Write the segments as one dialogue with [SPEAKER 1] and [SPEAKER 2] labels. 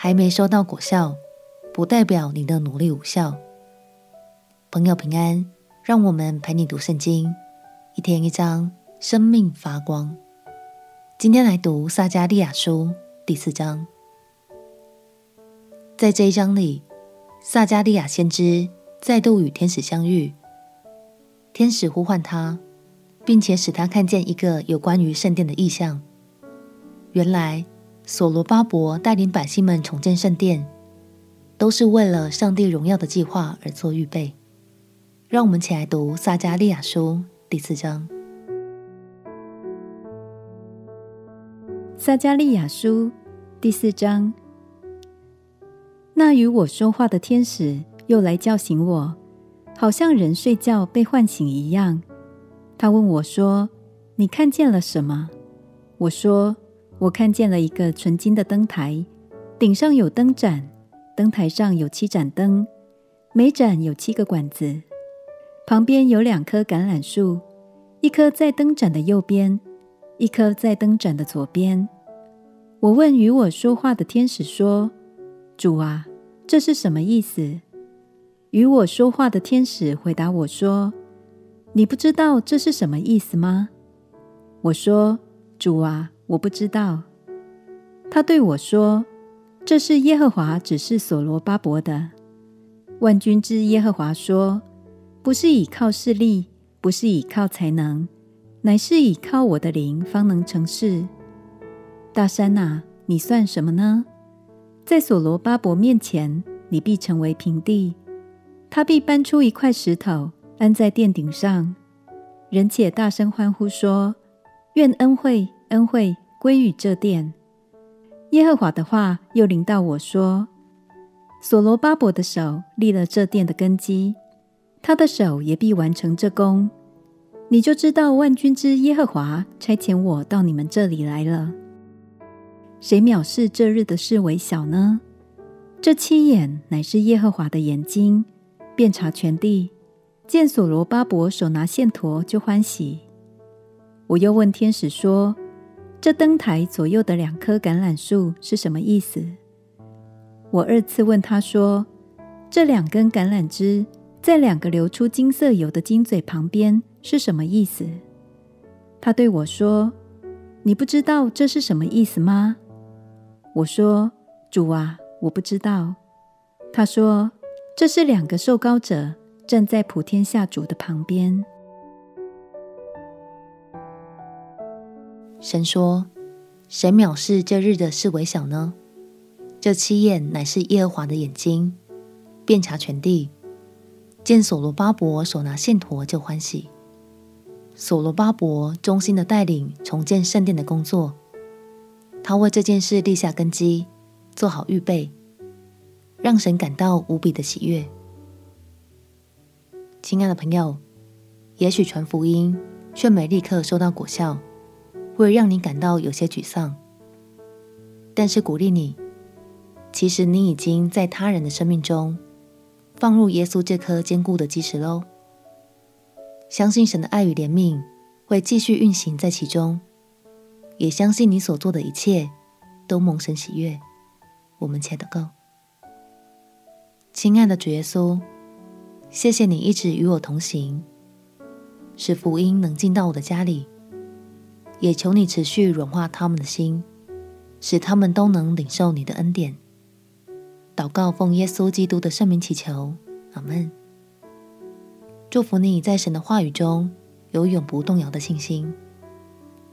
[SPEAKER 1] 還沒收到果效，不代表你的努力無效。朋友平安，讓我們陪你讀聖經，一天一章，生命發光。今天來讀撒迦利亞書第四章，在這一章裡，撒迦利亞先知再度與天使相遇，天使呼喚他，並且使他看見一個有關於聖殿的異象。原來，所羅巴伯帶領百姓們重建聖殿，都是為了上帝榮耀的計劃而做預備。讓我們一起來讀撒迦利亞書第四章。
[SPEAKER 2] 撒迦利亞書第四章，那與我說話的天使又來叫醒我，好像人睡覺被喚醒一樣。他問我說：“你看見了什麼？”我說。我看見了一個純金的燈臺，頂上有燈盞，燈臺上有七盞燈，每盞有七個管子。旁邊有兩棵橄欖樹，一棵在燈盞的右邊，一棵在燈盞的左邊。我問與我說話的天使說：“主啊，這是什麼意思？”與我說話的天使回答我說：“你不知道這是什麼意思嗎？”我說：“主啊。”我不知道，他對我說：“這是耶和華指示所羅巴伯的。萬軍之耶和華說：不是倚靠勢力，不是倚靠才能，乃是倚靠我的靈方能成事。大山啊，你算什麼呢？在所羅巴伯面前，你必成為平地。他必搬出一塊石頭安在殿頂上，人且大聲歡呼說：願恩惠！”恩惠歸於這殿。耶和華的話又臨到我說：“所羅巴伯的手立了這殿的根基，他的手也必完成這工。你就知道萬軍之耶和華差遣我到你們這裡來了。誰藐視這日的事為小呢？這七眼乃是耶和華的眼睛，遍察全地，見所羅巴伯手拿線砣，就歡喜。我又問天使說：這燈臺左右的兩棵橄欖樹是什麼意思？我二次問他說：“這兩根橄欖枝在兩個流出金色油的金嘴旁邊是什麼意思？”他對我說：“你不知道這是什麼意思嗎？”我說：“主啊，我不知道。”他說：“這是兩個受膏者站在普天下主的旁邊。”神
[SPEAKER 1] 說：“誰藐視這日的事為小呢？這七眼乃是耶和華的眼睛，遍察全地。見所羅巴伯手拿線砣就歡喜。所羅巴伯忠心的帶領重建聖殿的工作，他為這件事立下根基，做好預備，讓神感到無比的喜悅。親愛的朋友，也許傳福音卻沒立刻收到果效。”會讓你感到有些沮喪，但是鼓勵你，其實你已經在他人的生命中放入耶穌這顆堅固的基石嘍。相信神的愛與憐憫會繼續運行在其中，也相信你所做的一切都蒙神喜悅。我們且得夠。親愛的主耶穌，謝謝你一直與我同行，使福音能進到我的家裡。也求你持續軟化他們的心，使他們都能領受你的恩典。禱告奉耶穌基督的聖名祈求，阿門。祝福你在神的話語中有永不動搖的信心。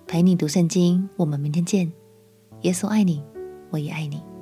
[SPEAKER 1] 陪你讀聖經，我們明天見。耶穌愛你，我也愛你。